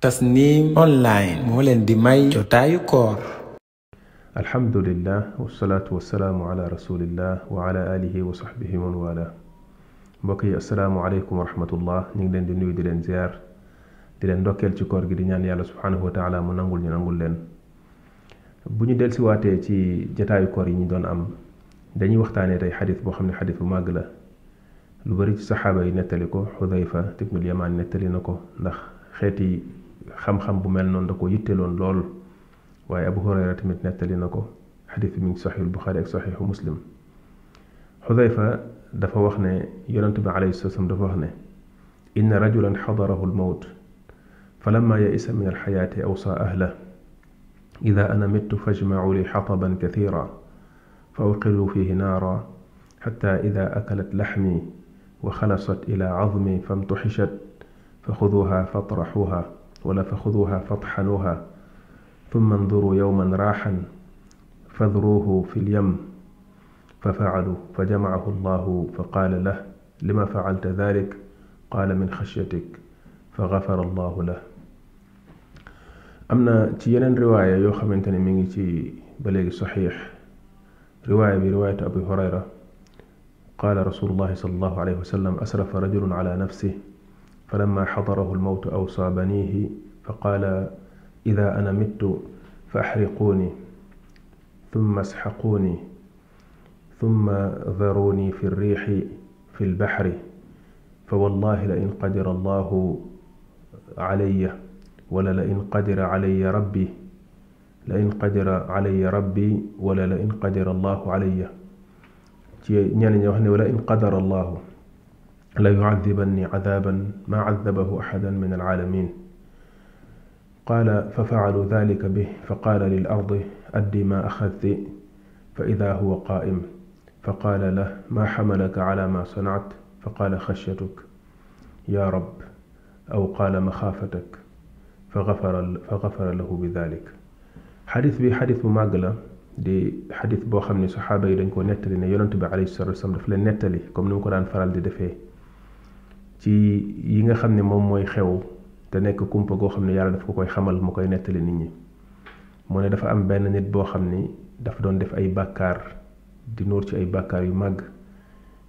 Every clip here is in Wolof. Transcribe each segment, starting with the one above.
tasnim online moo leen di may jotaayu koor alhamdulillah wasalaatu wasalaamu ala rasulillah wa ala alihi wa sahbihi man wala mbokk yi asalaamu alaykum wa rahmatullah ñu ngi leen di nuyu di ci koor gi di ñaan yàlla subhanahu wa taala mu nangul ñu nangul leen bu ñu delsi waatee ci jataayu koor yi ñu doon am dañuy waxtaanee tey xadis boo xam ne xadis bu màgg la lu bari ci saxaaba yi nettali ko xudayfa tibnul yamaan nettali na ko ndax xeeti xam-xam bu mel noonu da ko yitteloon lool waaye abu hurayra tamit nettali na ko xadis bi mi ngi saxiixul buxaari ak saxiixu muslim xudayfa dafa wax ne yonent bi alayhi salaam dafa wax ne inna rajulan xadarahu almawt فلما يئس من الحياة أوصى أهله إذا أنا مت فاجمعوا لي حطبا كثيرا فأوقدوا فيه نارا حتى إذا أكلت لحمي وخلصت إلى عظمي فامتحشت فخذوها فاطرحوها ولا فخذوها فطحنوها ثم انظروا يوما راحا فذروه في اليم ففعلوا فجمعه الله فقال له لما فعلت ذلك قال من خشيتك فغفر الله له أمنا تيانا رواية يوخا من تاني مني تي بلغ صحيح رواية برواية أبي هريرة قال رسول الله صلى الله عليه وسلم أسرف رجل على نفسه فلما حضره الموت أوصى بنيه فقال إذا أنا مت فأحرقوني ثم اسحقوني ثم ذروني في الريح في البحر فوالله لئن قدر الله علي ولا لئن قدر علي ربي لئن قدر علي ربي ولا لئن قدر الله علي ولئن قدر الله wax ليعذبني عذابا ما عذبه أحدا من العالمين قال ففعلوا ذلك به فقال للأرض أدي ما أخذت فإذا هو قائم فقال له ما حملك على ما صنعت فقال خشيتك يا رب أو قال مخافتك فغفر, فغفر له بذلك حديث بي حديث مماغلة دي حديث بوخمني صحابي boo نتلي ne عليه yi والسلام دفل نتلي كم yonent bi alayhi salatu ci yi nga xam ne moom mooy xew te nekk kumpa goo xam ne yàlla daf ko koy xamal mu koy nettali nit ñi mu ne dafa am benn nit boo xam ni dafa doon def ay bàkkaar di nuur ci ay bàkkaar yu màgg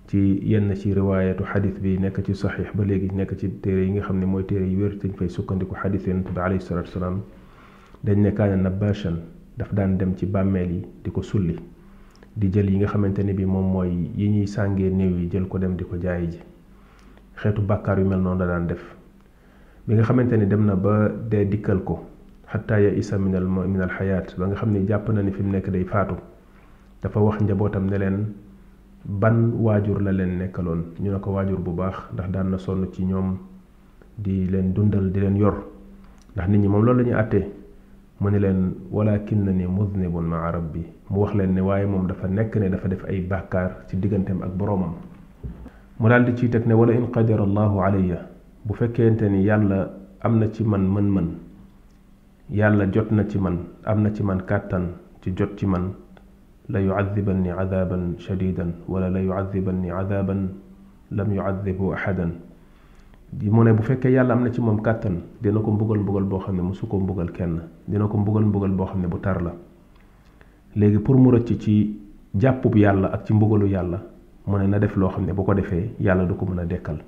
ci yenn ci riwaayatu xadis bi nekk ci saxiix ba léegi nekk ci téere yi nga xam ne mooy téere yu wér dañ fay sukkandiku xadis yonent bi alayhi salaatu wasalaam dañ ne kaana nabashan daf daan dem ci bàmmeel yi di ko sulli di jël yi nga xamante ne bi moom mooy yi ñuy sàngee néew yi jël ko dem di ko jaay ji xeetu bàkkaar yu mel noonu la daan def bi nga xamante ni dem na ba dee dikkal ko xataa ya isa minal minal xayaat ba nga xam ni jàpp na ni fi mu nekk day faatu dafa wax njabootam ne leen ban waajur la leen nekkaloon ñu ne ko waajur bu baax ndax daan na sonn ci ñoom di leen dundal di leen yor ndax nit ñi moom loolu la ñu àttee mu ne leen walakin na ni muznibun maa bi mu wax leen ne waaye moom dafa nekk ne dafa def ay bàkkaar ci digganteem ak boroomam mu daal di ciy teg ne wala in qadara allahu alayya bu fekkente ni yàlla am na ci man mën-mën yàlla jot na ci man am na ci man kàttan ci jot ci man la yucadiban ni cadaaban shadidan wala la yucadiban ni cadaaban lam yucadibu axadan mu ne bu fekkee yàlla am na ci moom kàttan dina ko mbugal mbugal boo xam ne musu ko mbugal kenn dina ko mbugal mbugal boo xam ne bu tar la léegi pour mu rëcc ci jàppub yàlla ak ci mbugalu yàlla mu ne na def loo xam ne bu ko defee yàlla du ko mën a dekkal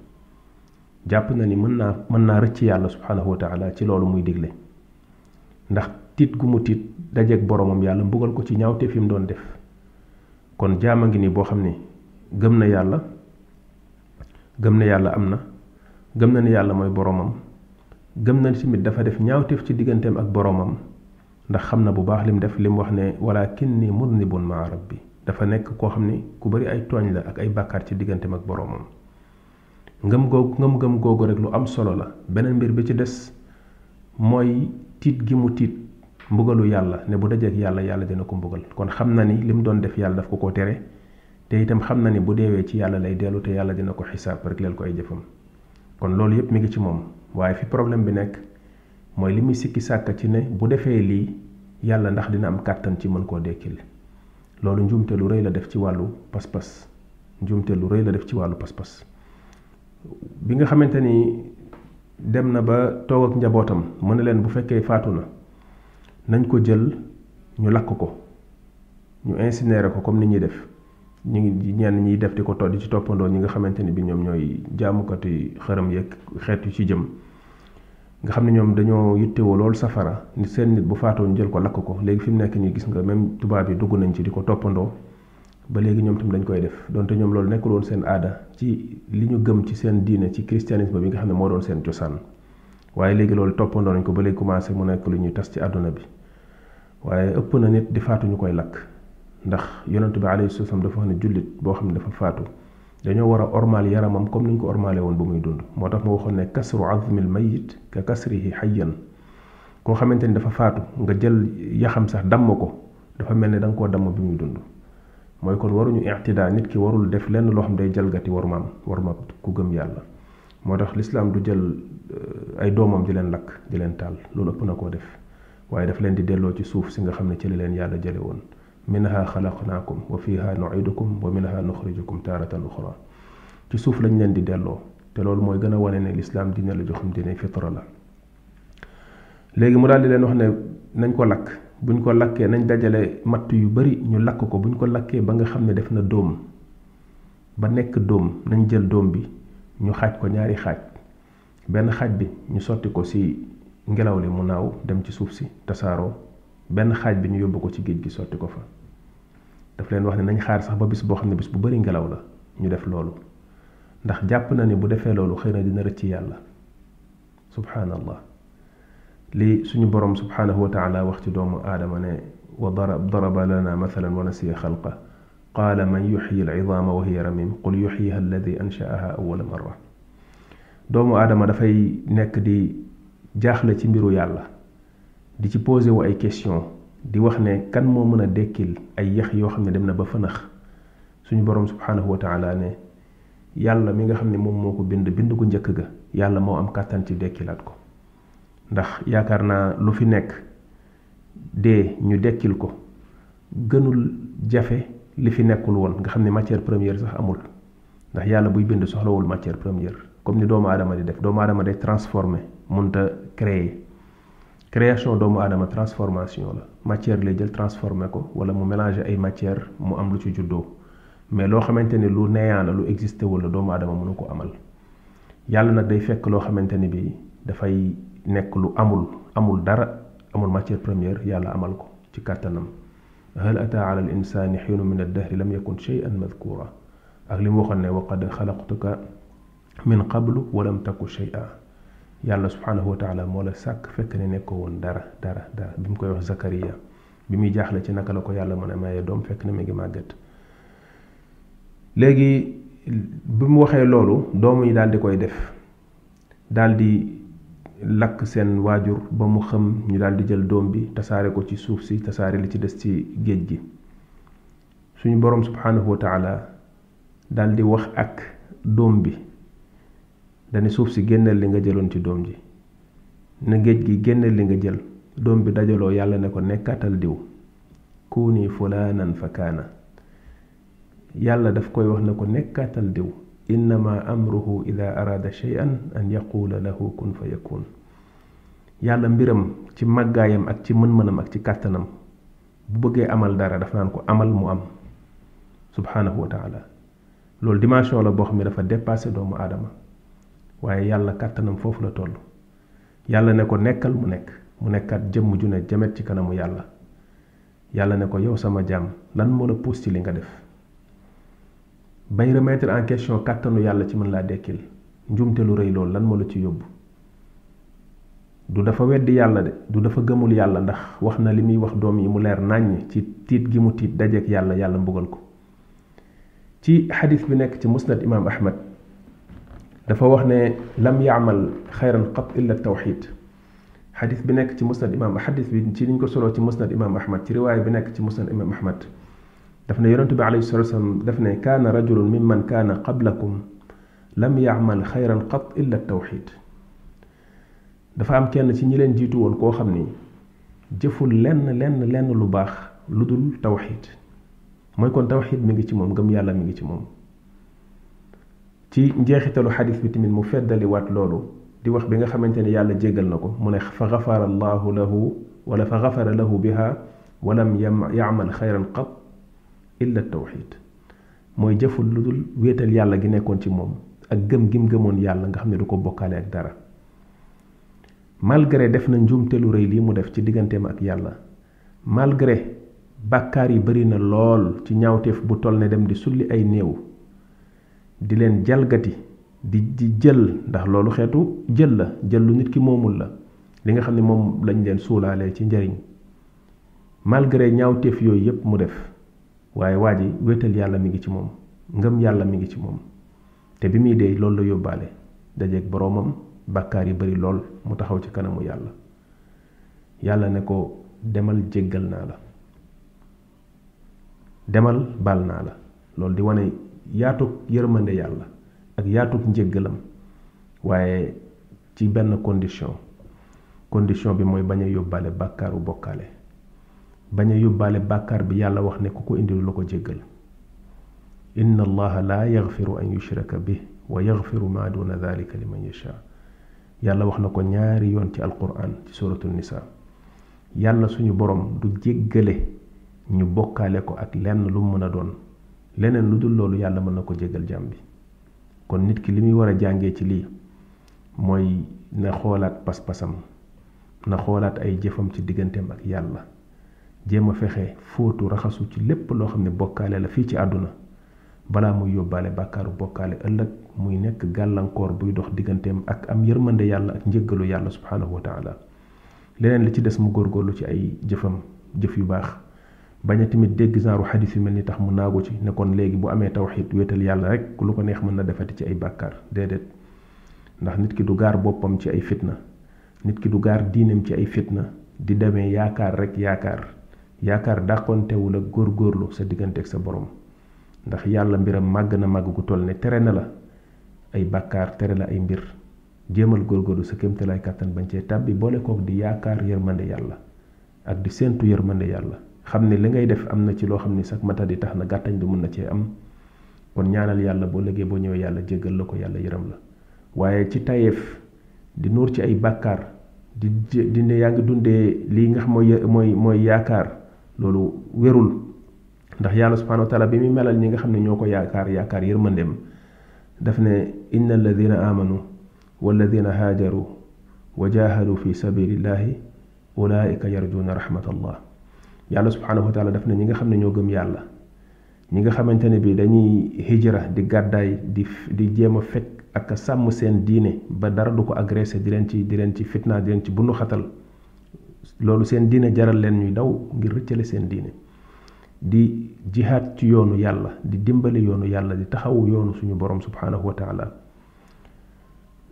jàpp na ni mën naa mën naa rëcc yàlla subhanahu wa taala ci loolu muy digle ndax tit gu mu tiit dajeeg boromam yàlla mbugal ko ci ñaawte fi mu doon def kon jaama ngi ni boo xam ne gëm na yàlla gëm na yàlla am na gëm na ni yàlla mooy boromam gëm na tamit dafa def ñaawteef ci digganteem ak boromam ndax xam na bu baax lim def lim wax ne walakinni mudnibun maa rabbi dafa nekk koo xam ni ku bari ay tooñ la ak ay bàkkaar ci digganteem ak boroomam ngëm googu ngëm-ngëm googu rek lu am solo la beneen mbir bi ci des mooy tiit gi mu tiit mbugalu yàlla ne bu dajeek yàlla yàlla dina ko mbugal kon xam na ni li mu doon def yàlla daf ko ko tere te itam xam na ni bu deewee ci yàlla lay dellu te yàlla dina ko xisaab rek leel ko ay jëfam kon loolu yépp mu ngi ci moom waaye fi problème bi nekk mooy li muy sikki sàkk ci ne bu defee lii yàlla ndax dina am kàttan ci mën koo dekkil loolu njuumte lu rëy la def ci wàllu pas-pas njuumte lu rëy la def ci wàllu pas-pas bi nga xamante ni dem na ba toog ak njabootam mu ne leen bu fekkee faatu na nañ ko jël ñu lakk ko ñu incinéré ko comme ni ñuy def ñu ngi ñenn ñiy def di ko to di ci toppandoo ñi nga xamante ni bi ñoom ñooy jaamukati xërëm yeeg xeet yu ci jëm nga xam ne ñoom dañoo yittewoo loolu safara ni seen nit bu faatoo ñu jël ko lakk ko léegi fi mu nekk nii gis nga même tubaab yi dugg nañ ci di ko toppandoo ba léegi ñoom tam dañ koy def donte ñoom loolu nekkul woon seen aada ci li ñu gëm ci seen diine ci christianisme bi nga xam ne moo doon seen cosaan waaye léegi loolu toppandoo nañ ko ba léegi commencé mu nekk lu ñuy tas ci àdduna bi waaye ëpp na nit di faatuñu koy lakk ndax yonent bi alayhi salaam dafa wax ne jullit boo xam ne dafa faatu dañoo war a ormaal yaramam comme niñ ko ormaale woon ba muy dund moo tax mu waxoon ne kasru azmil mayit ka kasrihi xayyan koo xamante ni dafa faatu nga jël yaxam sax damm ko dafa mel ne da nga koo damm bi muy dund mooy kon waruñu ictidaa nit ki warul def lenn loo xam day jalgati war warma ku gëm yàlla moo tax lislaam du jël ay doomam di leen lakk di leen taal loolu ëpp na koo def waaye daf leen di delloo ci suuf si nga xam ne ci la leen yàlla jële woon minha xalaqnaakum wa fiha nuidukum wa minha nuxrijukum taaratan uxra ci suuf lañ leen di delloo te loolu mooy gën a wane ne lislaam dina la joxum dina fitra la léegi mu daal di leen wax ne nañ ko lakk buñ ko lakkee nañ dajale matt yu bari ñu lakk ko buñ ko lakkee ba nga xam ne def na doom ba nekk doom nañ jël doom bi ñu xaaj ko ñaari xaaj benn xaaj bi ñu sotti ko si ngelaw li mu naaw dem ci suuf si tasaaroo benn xaaj bi ñu yóbbu ko ci géej gi sotti ko fa daf leen wax ne nañ xaar sax ba bis boo xam ne bis bu bari ngelaw la ñu def loolu ndax jàpp na ni bu defee loolu xëy na dina rëcc yàlla subhanallah li suñu borom subhanahu wa taala wax ci doomu aadama ne wa daraba lana mathalan wa nasiya xalqa qala man yuxyi alcidama wa hiya ramim qul yuxyiha alladi anshaaha awala marra doomu aadama dafay nekk di jaaxle ci mbiru yàlla di ci posé wu ay question di wax ne kan moo mën a dekkil ay yax yoo xam ne dem na ba fanax suñu borom subhanahu wa taala ne yàlla mi nga xam ne moom moo ko bind bind ko njëkk ga yàlla moo am kàttan ci dekkilaat ko ndax yaakaar naa lu fi nekk dee ñu dekkil ko gënul jafe li fi nekkul woon nga xam ne matière première sax amul ndax yàlla buy bind soxlawul matière première comme ni doomu aadama di def doomu aadama day transformer munta créer création doomu adama transformation la matière lay jël transformé ko wala mu mélanger ay matière mu am lu ci juddoo mais loo xamante ni lu neeyaan la lu existé wala doomu adama mënu ko amal yàlla nag day fekk loo xamante ni bi dafay nekk lu amul amul dara amul matière première yàlla amal ko ci kàttanam هل أتى على الإنسان حين من الدهر لم يكن شيئا مذكورا أغلب وقنا وقد خلقتك من قبل ولم تك شيئا yàlla subhaanahu wa taala moo la sàkk fekk ne nekkoo woon dara dara dara bi mu koy wax Zakaria bi muy jaaxle ci naka la ko yàlla mën a maye doom fekk na mu ngi màgget léegi bi mu waxee loolu doom yi daal di koy def daal di lakk seen waajur ba mu xëm ñu daal di jël doom bi tasaare ko ci suuf si tasaare li ci des ci géej gi suñu boroom subhaanahu wa taala wax ak doom bi dani suuf si génneel li nga jëloon ci doom ji na géej gi génneel li nga jël doom bi dajaloo yàlla ne ko nekkatal diw kuuni fulaanan fa kaana yàlla daf koy wax ne ko nekkatal diw innama amruhu ida araada shay'an an yaquula lahu kun fa yàlla mbiram ci màggaayam ak ci mën-mënam ak ci kàttanam bu bëggee amal dara dafa naan ko amal mu am subhaanahu wa loolu dimension la boo xam ne dafa dépassé doomu aadama waaye yàlla kàttanam foofu la toll yàlla ne ko nekkal mu nekk mu nekkaat jëmm ju ne jamet ci kanamu yàlla yàlla ne ko yow sama jaam lan moo la puus ci li nga def bay remettre en question kàttanu yàlla ci mën laa dekkil njuumte lu rëy loolu lan moo la ci yóbbu du dafa weddi yàlla de du dafa gëmul yàlla ndax wax na li muy wax doom yi mu leer nàññ ci tiit gi mu tiit dajeek yàlla yàlla mbugal ko ci xadis bi nekk ci musnad imaam ahmad dafa wax ne lam yaamal xayran qat illa tawxid xadis bi nekk ci musnad imam xadis bi ci niñ ko solo ci musnad imam ahmad ci riwaaya bi nekk ci musnad imam ahmad daf ne yonente bi alayhi salatu wasalam daf ne kaana rajulun mimman kaana qablakum lam yaamal xayran qat illa tawxid dafa am kenn ci ñi leen jiitu woon koo xam ni jëful lenn lenn lenn lu baax lu dul tawxid mooy kon tawxid mi ngi ci moom gëm yàlla mi ngi ci moom ci njeexitalu xadis bi tamit mu feddali waat loolu di wax bi nga xamante ne yàlla jégal na ko mu ne fa gafara allahu lahu wala fa gafara lahu biha walam yamal xayran qat illa tawxid mooy jëful lu dul wéetal yàlla gi nekkoon ci moom ak gëm gim gëmoon yàlla nga xam ne du ko bokkaale ak dara malgré def na njuumte lu rëy lii mu def ci digganteem ak yàlla malgré bàkkaar yi bari na lool ci ñaawteef bu toll ne dem di sulli ay néew di leen jalgati di di jël ndax loolu xeetu jël la jël lu nit ki moomul la li nga xam ne moom lañ leen suulaalee ci njariñ malgré ñaawteef yooyu yépp mu def waaye waa ji wéetal yàlla mi ngi ci moom ngëm yàlla mi ngi ci moom te bi muy dee loolu la yóbbaale dajeeg boroomam bàkkaar yi bari lool mu taxaw ci kanamu yàlla yàlla ne ko demal jéggal naa la demal bal naa la loolu di wane yaatuk yërmande yàlla ak yaatuk njëggalam waaye ci benn condition condition bi mooy bañ a yóbbaale bàkkaaru bokkaale bañ a yóbbaale bàkkaar bi yàlla wax ne ku ko indil la ko jéggal inna allaha la yaghfiru an yushraka bih wa yaghfiru ma duna dhalika liman yasha yàlla wax na ko ñaari yoon ci alquran ci suratu nisa yàlla suñu borom du jéggale ñu bokkaale ko ak lenn lu mën a doon leneen lu dul loolu yàlla mën na ko jégal jaam bi kon nit ki li muy war a jàngee ci lii mooy na xoolaat pas-pasam na xoolaat ay jëfam ci digganteem ak yàlla jéem a fexe fóotu raxasu ci lépp loo xam ne bokkaale la fii ci àdduna balaa muy yóbbaale bàkkaaru bokkaale ëllëg muy nekk gàllankoor buy dox digganteem ak am yërmande yàlla ak njëggalu yàlla subhaanahu wa taala leneen li ci des mu góorgóorlu ci ay jëfam jëf yu baax bañ a tamit dégg genre xadis yu mel ni tax mu naagu ci ne léegi bu amee tawxiid wéetal yàlla rek lu ko neex mën na defati ci ay bàkkaar déedéet ndax nit ki du gaar boppam ci ay fitna nit ki du gaar diinam ci ay fitna di demee yaakaar rek yaakaar yaakaar dàqontewul ak góorlu sa diggante ak sa borom ndax yàlla mbiram màgg na màgg gu toll ne tere na la ay bàkkaar tere la ay mbir jéemal góor góorgóorlu sa kéemtalaay kàttan bañ cee tàbbi boole kook di yaakaar yërmande yàlla ak di séentu yërmande yàlla xam ne li ngay def am na ci loo xam ni sax mata di tax na gàttañ du mun na cee am kon ñaanal yàlla boo liggéey boo ñëwee yàlla jéggal la ko yàlla yëram la waaye ci tayeef di nuur ci ay bàkkaar di di ne yaa ngi dundee lii nga xam mooy mooy mooy yaakaar loolu wérul ndax yàlla subhanahu wa taala bi muy melal ñi nga xam ne ñoo ko yaakaar yaakaar yërmandeem daf ne inna alladina amanu walladina hajaru wa jahadu fi sabilillahi ulaika yarjuna rahmatallah yàlla subhanahu wa taala daf na ñi nga xam ne ñoo gëm yàlla ñi nga xamantene bi dañuy hijra di gàddaay di di jéem a fekk ak sàmm seen diine ba dara du ko agressé di leen ci di leen ci fitna di leen ci bunu xatal loolu seen diine jaral leen ñuy daw ngir rëccale seen diine di jihad ci yoonu yàlla di dimbali yoonu yàlla di taxaw yoonu suñu borom subhanahu wa taala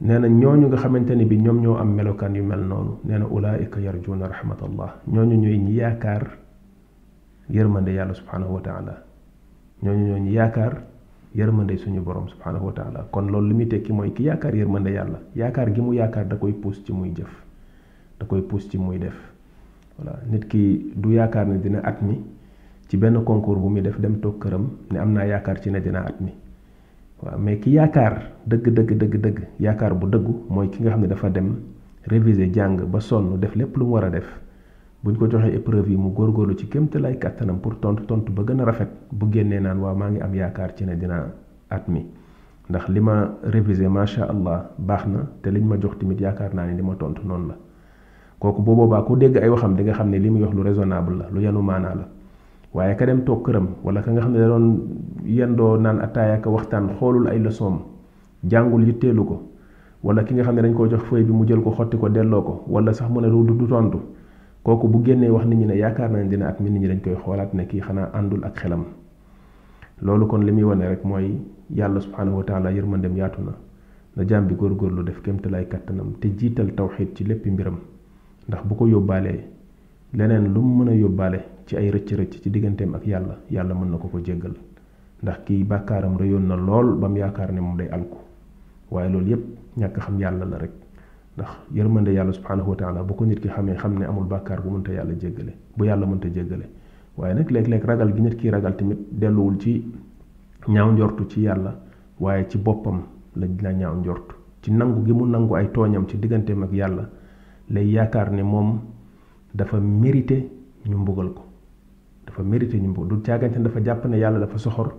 nee na ñooñu nga xamante bi ñoom ñoo am melokaan yu mel noonu nee na ulaika yarjuuna rahmatallah ñooñu ñooy ñi yaakaar yërmande yàlla subhanahu wa taala ñooñu ñooñu yaakaar yërmande suñu borom subhanahu wa taala kon loolu li muy tekki mooy ki yaakaar yërmande yàlla yaakaar gi mu yaakaar da koy puus ci muy jëf da koy puus ci muy def voilà nit ki du yaakaar ne dina at mi ci benn concours bu muy def dem toog këram ne am naa yaakaar ci ne dina at mi waaw mais ki yaakaar dëgg dëgg dëgg dëgg yaakaar bu dëggu mooy ki nga xam ne dafa dem réviser jàng ba sonn def lépp lu mu war a def buñ ko joxe épreuve yi mu góorgóorlu ci kemte lay katanam pour tontu tontu ba gëna rafet bu génné naan wa ma ngi am yaakaar ci ne dina at mi ndax li ma révisé macha allah baxna te liñ ma jox timit yaakaar naani ne tontu non la koku bo boba ku dégg ay waxam diga xamné xam wax lu raisonnable la lu yanu maanaa la waye ka dem tok kërëm wala ka nga xamné da doon yendo naan ataya ka waxtaan xolul ay leçon jàngul yitteelu ko wala ki nga xamné dañ ko jox feuy bi mu jël ko xoti ko delloo ko wala sax mu ne du tontu kooku bu génnee wax nit ñi ne yaakaar naa ne dina at mi nit ñi lañ koy xoolaat ne kii xanaa àndul ak xelam loolu kon li muy wane rek mooy yàlla subhaanahu wa taala yërmandem yaatu na na jaam bi góorgóorlu def kémtalaay kàttanam te jiital tawxiit ci lépp mbiram ndax bu ko yóbbaalee leneen lu mu mën a yóbbaale ci ay rëcc-rëcc ci digganteem ak yàlla yàlla mën na ko ko jéggal ndax kii bàkkaaram rëyoon na lool ba mu yaakaar ne moom day alku waaye loolu yépp ñàkk xam yàlla la rek ndax yërmande yàlla subhanahu wa taala bu ko nit ki xamee xam ne amul bàkkaar bu mënta yàlla jéggale bu yàlla mënta jéggale waaye nag léeg-léeg ragal gi nit ki ragal tamit delluwul ci ñaaw njortu ci yàlla waaye ci boppam la la ñaaw njortu ci nangu gi mu nangu ay tooñam ci digganteem ak yàlla lay yaakaar ne moom dafa mérité ñu mbugal ko dafa mérité ñu mbugal du caagante ne dafa jàpp ne yàlla dafa soxor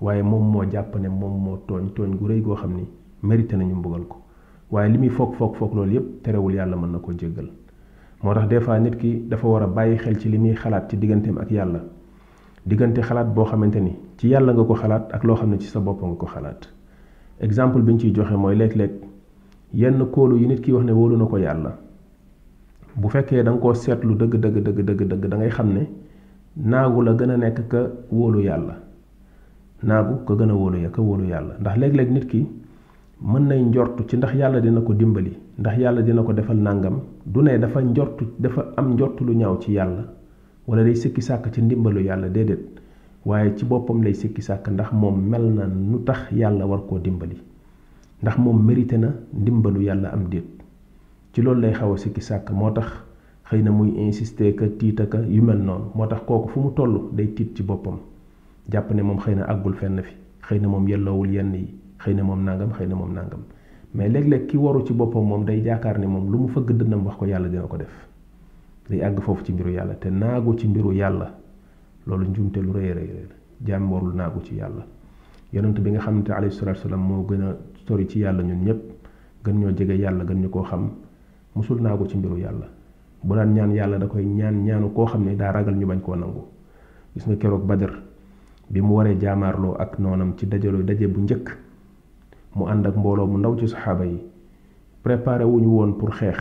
waaye moom moo jàpp ne moom moo tooñ gu rëy goo xam ni mérité nañu mbugal ko waaye li muy foog foog foog loolu yépp terewul yàlla mën na ko jéggal moo tax des fois nit ki dafa war a bàyyi xel ci li muy xalaat ci digganteem ak yàlla diggante xalaat boo xamante ni ci yàlla nga ko xalaat ak loo xam ne ci sa bopp nga ko xalaat exemple bi ñu ciy joxe mooy léeg-léeg yenn kóolu yi nit ki wax ne wóolu na ko yàlla bu fekkee danga ko koo seetlu dëgg dëgg dëgg dëgg dëgg xam ne naagu la gën a nekk ka wóolu yàlla naagu ko gën a wóolu ya ka yàlla ndax léeg-léeg nit ki mën nay njortu ci ndax yàlla dina ko dimbali ndax yàlla dina ko defal nàngam du ne dafa njortu dafa am njortu lu ñaaw ci yàlla wala day sikki sàkk ci ndimbalu yàlla déedéet waaye ci boppam lay sikki sàkk ndax moom mel na nu tax yàlla war koo dimbali ndax moom mérité na ndimbalu yàlla am déet ci loolu lay xaw a sikki sàkk moo tax xëy na muy insister ka tiita ka yu mel noonu moo tax kooku fu mu toll day tiit ci boppam jàpp ne moom xëy na àggul fenn fi xëy na moom yelloowul yenn yi xeyna mom nangam xeyna mom nangam mais leg leg ki waru ci bopam mom day jaakaar ni mom lu mu fëgg dënnam wax ko yàlla dina ko def day ag fofu ci mbiru yàlla te naagu ci mbiru yàlla lolou njumte lu reey reey jam jaam warul naagu ci yàlla yonent bi nga xamne ali sallallahu salaam wasallam mo gëna sori ci yàlla ñun ñep gën ñoo jégué yàlla gën ñuko xam musul naagu ci mbiru yàlla bu daan ñaan yàlla da koy ñaan ñaanu ko xamne da ragal ñu bañ ko nangu gis nga kérok badar bi mu waré jaamaarloo ak nonam ci dajalo daje bu njëkk mu ànd ak mbooloo mu ndaw ci sahaba yi préparé wuñu woon pour xeex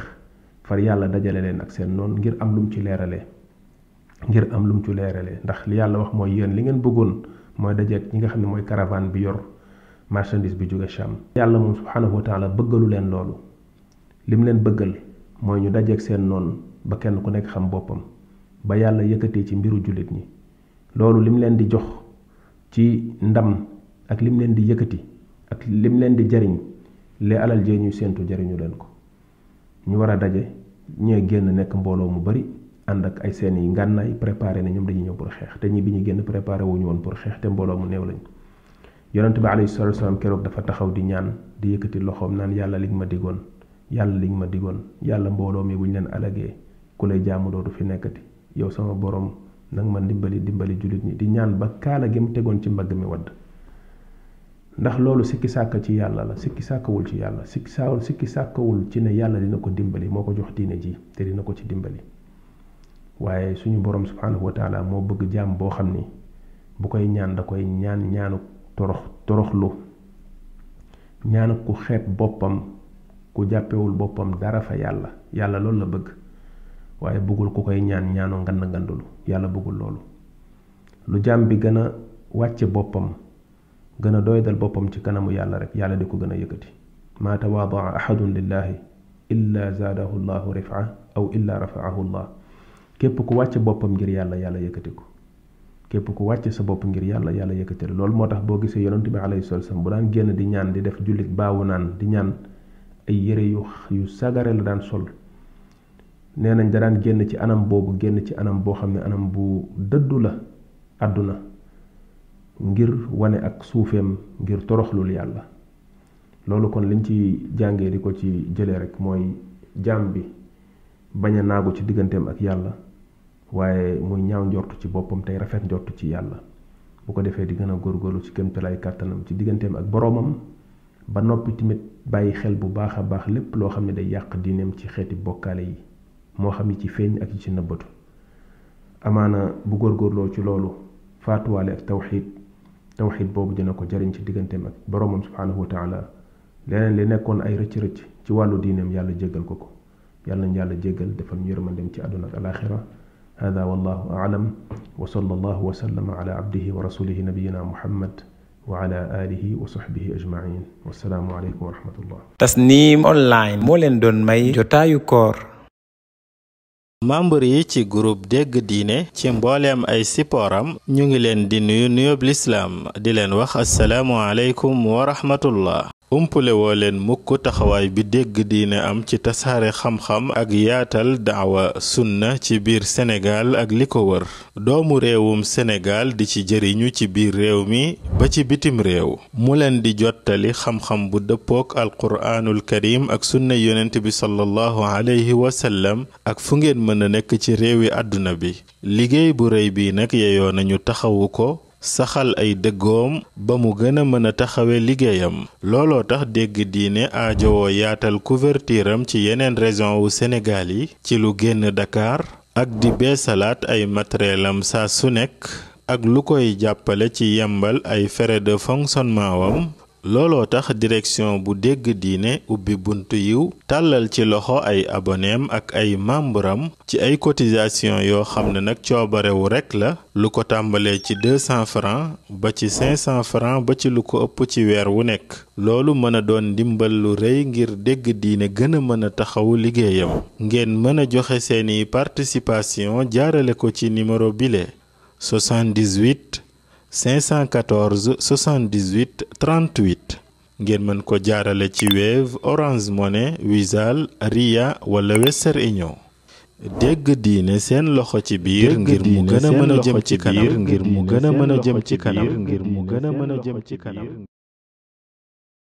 far yàlla dajale leen ak seen noon ngir am lum ci leerale ngir am lum ci leerale ndax li yàlla wax mooy yéen li ngeen bëggoon mooy dajeeg ñi nga xam ne mooy caravane bi yor marchandise bi jóge sham yàlla moom subhanahu wa taala bëggalu leen loolu lim leen bëggal mooy ñu dajeeg seen noon ba kenn ku nekk xam boppam ba yàlla yëkkatee ci mbiru julit ñi loolu lim leen di jox ci ndam ak lim leen di yëkkati ak lim leen di jariñ le alal jee ñuy séentu jariñu leen ko ñu war a daje ñee génn nekk mbooloo mu bari ànd ak ay seen yi ngànnaay préparé ne ñoom dañuy ñëw pour xeex te ñi bi ñu génn préparé wuñu woon pour xeex te mbooloo mu néew lañ yonent bi alayhi salatu wasalam keroog dafa taxaw di ñaan di yëkkati loxoom naan yàlla liñ ma digoon yàlla liñ ma digoon yàlla mbooloo mi buñ leen alagee ku lay jaamu do fi nekkati yow sama borom nag ma dimbali dimbali julit ñi di ñaan ba kaala gi mu tegoon ci mbagg mi wadd ndax loolu sikki sàkk ci yàlla la sikki sàkkawul ci yàlla sikki saa sikki sàkkawul ci ne yàlla dina ko dimbali moo ko jox diine ji te dina ko ci dimbali waaye suñu borom subhanahu wa taala moo bëgg jaam boo xam ni bu koy ñaan da koy ñaan ñaanu torox toroxlu ñaanu ku xeeb boppam ku jàppewul boppam dara fa yàlla yàlla loolu la bëgg waaye bëggul ku koy ñaan ñaanu ngand ngandulu yàlla bëggul loolu lu jaam bi gën a wàcce boppam gën a doydal boppam ci kanamu yàlla rek yàlla di ko gën ma tawaadaa ahadun lillahi illa zaadahu llahu rifa aw illa rafaahu llah képp ku wàcc boppam ngir yàlla yàlla yëkkati ko képp ku wàcc sa bopp ngir yàlla yàlla yëkkati la loolu moo tax boo gisee yonent bi alayhi salatu wasalam bu daan génn di ñaan di def jullit baawu naan di ñaan ay yére yu yu sagare la daan sol nee da daan génn ci anam bobu génn ci anam boo xam ne anam bu dëddu la àdduna ngir wane ak suufeem ngir toroxlul yàlla loolu kon liñ ci jàngee di ko ci jëlee rek mooy jaam bi bañ a naagu ci digganteem ak yàlla waaye muy ñaaw njort ci boppam tey rafet njort ci yàlla bu ko defee di gën a góorlu ci kéemtalaay kàttanam ci digganteem ak boroomam ba noppi tamit bàyyi xel bu baax a baax lépp loo xam ne day yàq diineem ci xeeti bokkaale yi moo xam yi ci feeñ ak yi ci nëbbatu amaana bu góorgóorloo ci loolu faatuwaale ak tawxiid tawxid boobu dina ko jariñ ci digganteem ak boromam subhanahu wa taala leneen li nekkoon ay rëcc rëcc ci wàllu diineem yàlla jéggal ko ko yàlla nañ yàlla jéggal defal ñu yërmandem ci àdduna ak alaxira هذا والله أعلم وصلى الله وسلم على عبده ورسوله نبينا محمد وعلى آله وصحبه أجمعين والسلام عليكم ورحمة الله تسنيم أونلاين مولن دون مي جوتايو كور membre yi ci groupe dégg diine ci mbooleem ay sipooram ñu ngi leen di nuyu nuyoob lislaam di leen wax asalaamu aleykum wa rahmatullah umpule woo leen mukk taxawaay bi dégg diine am ci tasaare xam-xam ak yaatal daawa sunna ci biir senegaal ak li ko wër doomu réewum Sénégal di ci jëriñu ci biir réew mi ba ci bitim réew mu leen di jottali xam-xam bu dëppook alquraanul karim ak sunna yonent bi sallallahu alayhi wa ak fu ngeen mën a nekk ci réewi àdduna bi liggéey bu rëy bii nag yeyoo nañu taxawu ko saxal ay dëggoom ba mu gën a mën a taxawe liggéeyam looloo tax dégg diine aajowoo yaatal couverture ci yeneen région wu Sénégal yi ci lu génn Dakar ak di beesalaat ay matériel am saa su nekk ak lu koy jàppale ci yembal ay frais de fonctionnement wam looloo tax direction bu dégg diine ubbi buntu yiw tàllal ci loxo ay aboneem ak ay membram ci ay cotisation yoo xam ne nag coobarewu rekk la lu ko tàmbalee ci 200 francs ba ci 500 francs ba ci lu ko ëpp ci weer wu nekk loolu mën a doon ndimbal lu rëy ngir dégg diine gën a mën a taxawu liggéeyam ngeen mën a joxe seeni participation jaarale ko ci numéro bile 78 514 78 38 ngeen mën ko jaarale ci Wave Orange Money Wizall Ria wala Western Union. dégg diine seen loxo ci biir ngir mu gën a mën a jëm ci kanam ngir mu gën a mën a jëm ci kanam ngir mu gën a mën a jëm ci kanam.